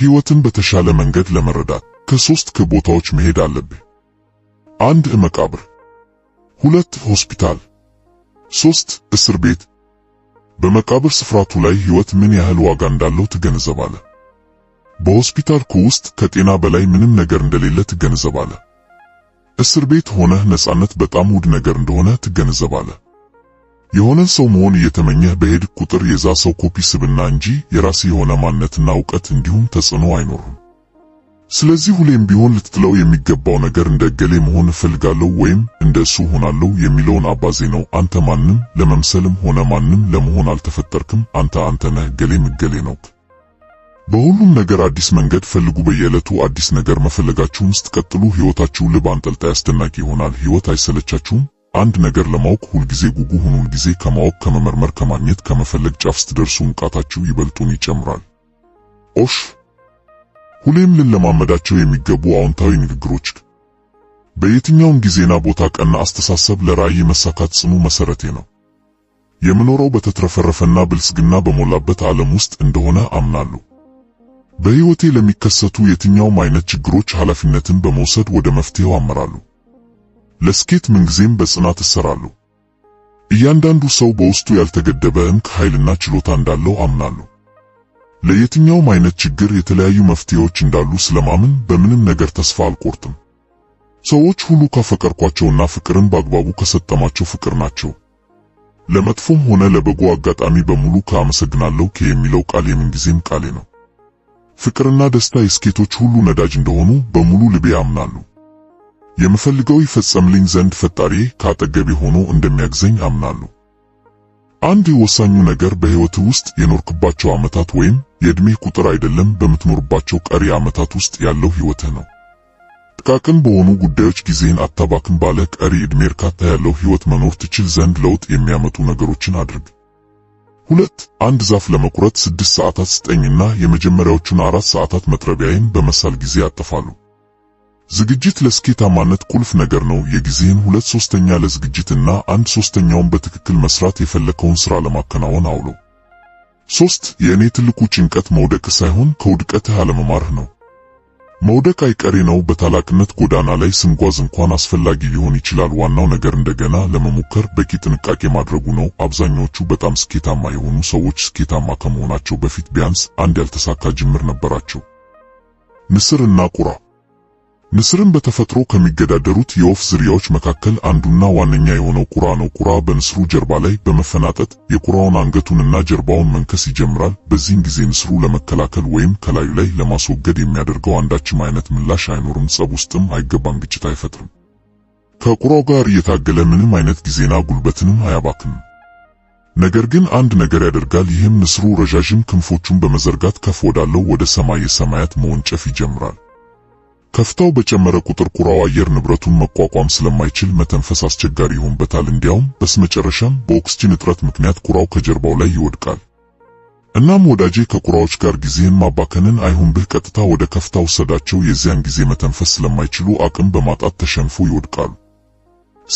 ሕይወትን በተሻለ መንገድ ለመረዳት ከሶስት ከቦታዎች መሄድ አለብህ። አንድ መቃብር፣ ሁለት ሆስፒታል፣ ሶስት እስር ቤት። በመቃብር ስፍራቱ ላይ ሕይወት ምን ያህል ዋጋ እንዳለው ትገነዘባለህ። በሆስፒታልኩ ውስጥ ከጤና በላይ ምንም ነገር እንደሌለ ትገነዘባለህ። እስር ቤት ሆነህ ነጻነት በጣም ውድ ነገር እንደሆነ ትገነዘባለህ። የሆነን ሰው መሆን እየተመኘህ በሄድክ ቁጥር የዛ ሰው ኮፒ ስብና እንጂ የራስህ የሆነ ማንነትና እውቀት እንዲሁም ተጽዕኖ አይኖርም። ስለዚህ ሁሌም ቢሆን ልትጥለው የሚገባው ነገር እንደ እገሌ መሆን እፈልጋለሁ ወይም እንደ እሱ ሆናለሁ የሚለውን አባዜ ነው። አንተ ማንም ለመምሰልም ሆነ ማንም ለመሆን አልተፈጠርክም። አንተ አንተ ነህ። እገሌም እገሌ ነው። በሁሉም ነገር አዲስ መንገድ ፈልጉ። በየዕለቱ አዲስ ነገር መፈለጋችሁን ስትቀጥሉ ሕይወታችሁ ልብ አንጠልጣይ አስደናቂ ይሆናል። ሕይወት አይሰለቻችሁም? አንድ ነገር ለማወቅ ሁልጊዜ ጉጉ ሁኑን። ጊዜ ከማወቅ ከመመርመር፣ ከማግኘት፣ ከመፈለግ ጫፍ ስትደርሱ ንቃታችሁ ይበልጡን ይጨምራል። ኦሽ ሁሌም ልንለማመዳቸው የሚገቡ አዎንታዊ ንግግሮች በየትኛውም ጊዜና ቦታ ቀና አስተሳሰብ ለራዕይ መሳካት ጽኑ መሰረቴ ነው። የምኖረው በተትረፈረፈና ብልጽግና በሞላበት ዓለም ውስጥ እንደሆነ አምናለሁ። በሕይወቴ ለሚከሰቱ የትኛውም አይነት ችግሮች ኃላፊነትን በመውሰድ ወደ መፍትሄው አመራለሁ። ለስኬት ምንጊዜም በጽናት እሰራለሁ። እያንዳንዱ ሰው በውስጡ ያልተገደበ እንቅ ኃይልና ችሎታ እንዳለው አምናለሁ። ለየትኛውም አይነት ችግር የተለያዩ መፍትሄዎች እንዳሉ ስለማምን በምንም ነገር ተስፋ አልቆርጥም። ሰዎች ሁሉ ከፈቀርኳቸውና ፍቅርን በአግባቡ ከሰጠማቸው ፍቅር ናቸው። ለመጥፎም ሆነ ለበጎ አጋጣሚ በሙሉ ከአመሰግናለሁ የሚለው ቃል የምንጊዜም ቃሌ ነው። ፍቅርና ደስታ የስኬቶች ሁሉ ነዳጅ እንደሆኑ በሙሉ ልቤ አምናለሁ። የምፈልገው ይፈጸምልኝ ዘንድ ፈጣሪ ካጠገቤ ሆኖ እንደሚያግዘኝ አምናለሁ። አንድ ወሳኙ ነገር በህይወት ውስጥ የኖርክባቸው ዓመታት ወይም የእድሜ ቁጥር አይደለም፣ በምትኖርባቸው ቀሪ ዓመታት ውስጥ ያለው ህይወት ነው። ጥቃቅን በሆኑ ጉዳዮች ጊዜን አታባክን። ባለ ቀሪ እድሜ እርካታ ያለው ህይወት መኖር ትችል ዘንድ ለውጥ የሚያመጡ ነገሮችን አድርግ። ሁለት አንድ ዛፍ ለመቁረጥ ስድስት ሰዓታት ስጠኝና የመጀመሪያዎቹን አራት ሰዓታት መጥረቢያዬን በመሳል ጊዜ አጠፋለሁ። ዝግጅት ለስኬታማነት ቁልፍ ነገር ነው። የጊዜን ሁለት ሶስተኛ ለዝግጅትና አንድ ሶስተኛውን በትክክል መስራት የፈለከውን ስራ ለማከናወን አውለው። ሶስት የእኔ ትልቁ ጭንቀት መውደቅ ሳይሆን ከውድቀትህ አለመማርህ ነው። መውደቅ አይቀሬ ነው። በታላቅነት ጎዳና ላይ ስንጓዝ እንኳን አስፈላጊ ሊሆን ይችላል። ዋናው ነገር እንደገና ለመሞከር በቂ ጥንቃቄ ማድረጉ ነው። አብዛኛዎቹ በጣም ስኬታማ የሆኑ ሰዎች ስኬታማ ከመሆናቸው በፊት ቢያንስ አንድ ያልተሳካ ጅምር ነበራቸው። ንስር እና ቁራ ንስርን በተፈጥሮ ከሚገዳደሩት የወፍ ዝርያዎች መካከል አንዱና ዋነኛ የሆነው ቁራ ነው። ቁራ በንስሩ ጀርባ ላይ በመፈናጠጥ የቁራውን አንገቱንና ጀርባውን መንከስ ይጀምራል። በዚህን ጊዜ ንስሩ ለመከላከል ወይም ከላዩ ላይ ለማስወገድ የሚያደርገው አንዳችም አይነት ምላሽ አይኖርም። ጸብ ውስጥም አይገባም፣ ግጭት አይፈጥርም። ከቁራው ጋር እየታገለ ምንም አይነት ጊዜና ጉልበትንም አያባክንም። ነገር ግን አንድ ነገር ያደርጋል። ይህም ንስሩ ረዣዥም ክንፎቹን በመዘርጋት ከፍ ወዳለው ወደ ሰማይ ሰማያት መወንጨፍ ይጀምራል። ከፍታው በጨመረ ቁጥር ቁራው አየር ንብረቱን መቋቋም ስለማይችል መተንፈስ አስቸጋሪ ይሆንበታል። እንዲያውም በስመጨረሻም በኦክስጂን እጥረት ምክንያት ቁራው ከጀርባው ላይ ይወድቃል። እናም ወዳጄ ከቁራዎች ጋር ጊዜን ማባከንን አይሁን ብህ ቀጥታ ወደ ከፍታ ወሰዳቸው። የዚያን ጊዜ መተንፈስ ስለማይችሉ አቅም በማጣት ተሸንፎ ይወድቃሉ።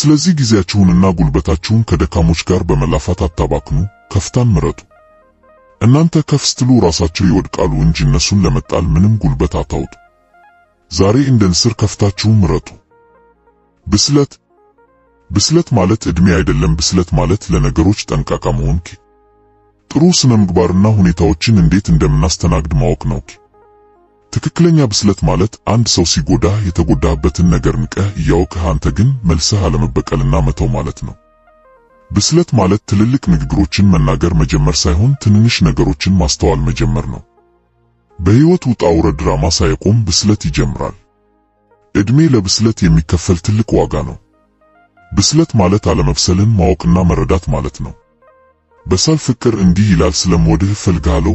ስለዚህ ጊዜያችሁንና ጉልበታችሁን ከደካሞች ጋር በመላፋት አታባክኑ፣ ከፍታን ምረጡ። እናንተ ከፍ ስትሉ ራሳቸው ይወድቃሉ እንጂ እነሱን ለመጣል ምንም ጉልበት አታውጡ። ዛሬ እንደን ስር ከፍታችሁ ምረጡ። ብስለት ብስለት ማለት እድሜ አይደለም። ብስለት ማለት ለነገሮች ጠንቃቃ መሆን፣ ጥሩ ስነ ምግባርና ሁኔታዎችን እንዴት እንደምናስተናግድ ማወቅ ነው። ትክክለኛ ብስለት ማለት አንድ ሰው ሲጎዳ የተጎዳበትን ነገር ንቀህ እያወቅህ አንተ ግን መልሰህ አለመበቀልና መተው ማለት ነው። ብስለት ማለት ትልልቅ ንግግሮችን መናገር መጀመር ሳይሆን ትንንሽ ነገሮችን ማስተዋል መጀመር ነው። በሕይወት ውጣ ውረድ ድራማ ሳይቆም ብስለት ይጀምራል። እድሜ ለብስለት የሚከፈል ትልቅ ዋጋ ነው። ብስለት ማለት አለመብሰልን ማወቅና መረዳት ማለት ነው። በሰል ፍቅር እንዲህ ይላል፣ ስለምወድህ እፈልግሃለሁ።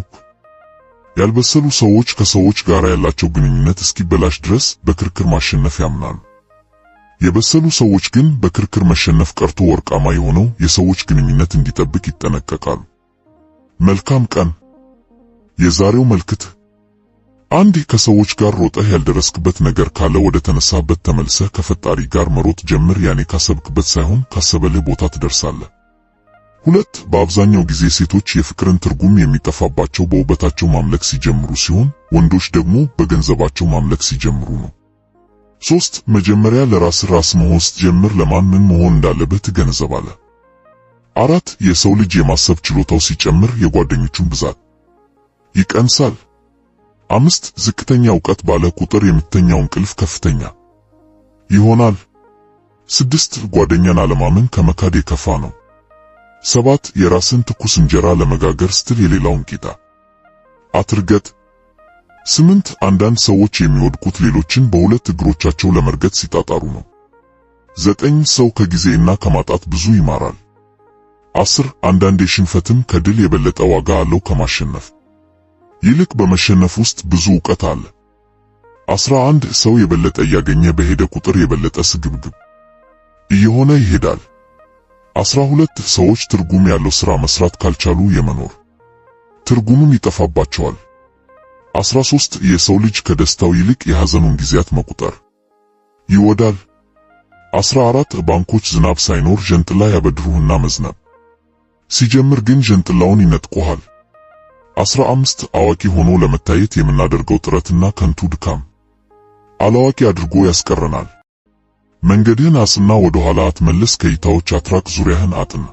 ያልበሰሉ ሰዎች ከሰዎች ጋር ያላቸው ግንኙነት እስኪበላሽ ድረስ በክርክር ማሸነፍ ያምናሉ። የበሰሉ ሰዎች ግን በክርክር መሸነፍ ቀርቶ ወርቃማ የሆነው የሰዎች ግንኙነት እንዲጠብቅ ይጠነቀቃሉ። መልካም ቀን። የዛሬው መልእክት አንዴ ከሰዎች ጋር ሮጠህ ያልደረስክበት ነገር ካለ ወደ ተነሳበት ተመልሰህ ከፈጣሪ ጋር መሮጥ ጀምር። ያኔ ካሰብክበት ሳይሆን ካሰበልህ ቦታ ትደርሳለህ። ሁለት በአብዛኛው ጊዜ ሴቶች የፍቅርን ትርጉም የሚጠፋባቸው በውበታቸው ማምለክ ሲጀምሩ ሲሆን ወንዶች ደግሞ በገንዘባቸው ማምለክ ሲጀምሩ ነው። ሶስት መጀመሪያ ለራስ ራስ መሆን ስትጀምር ለማንም መሆን እንዳለብህ ትገነዘባለህ። አራት የሰው ልጅ የማሰብ ችሎታው ሲጨምር የጓደኞቹን ብዛት ይቀንሳል። አምስት ዝቅተኛ እውቀት ባለ ቁጥር የምተኛው እንቅልፍ ከፍተኛ ይሆናል። ስድስት ጓደኛን አለማመን ከመካድ የከፋ ነው። ሰባት የራስን ትኩስ እንጀራ ለመጋገር ስትል የሌላውን ቂጣ አትርገጥ። ስምንት አንዳንድ ሰዎች የሚወድቁት ሌሎችን በሁለት እግሮቻቸው ለመርገጥ ሲጣጣሩ ነው። ዘጠኝ ሰው ከጊዜ እና ከማጣት ብዙ ይማራል። አስር አንዳንዴ ሽንፈትም ከድል የበለጠ ዋጋ አለው ከማሸነፍ ይልቅ በመሸነፍ ውስጥ ብዙ እውቀት አለ። አስራ አንድ ሰው የበለጠ እያገኘ በሄደ ቁጥር የበለጠ ስግብግብ እየሆነ ይሄዳል። አስራ ሁለት ሰዎች ትርጉም ያለው ሥራ መስራት ካልቻሉ የመኖር ትርጉምም ይጠፋባቸዋል። አስራ ሦስት የሰው ልጅ ከደስታው ይልቅ የሐዘኑን ጊዜያት መቁጠር ይወዳል። አስራ አራት ባንኮች ዝናብ ሳይኖር ጀንጥላ ያበድሩህና መዝነብ ሲጀምር ግን ጀንጥላውን ይነጥቁሃል። አስራ አምስት አዋቂ ሆኖ ለመታየት የምናደርገው ጥረትና ከንቱ ድካም አላዋቂ አድርጎ ያስቀረናል። መንገድህን አስና፣ ወደ ኋላ አትመለስ። ከእይታዎች አትራቅ፣ ዙሪያህን አጥና።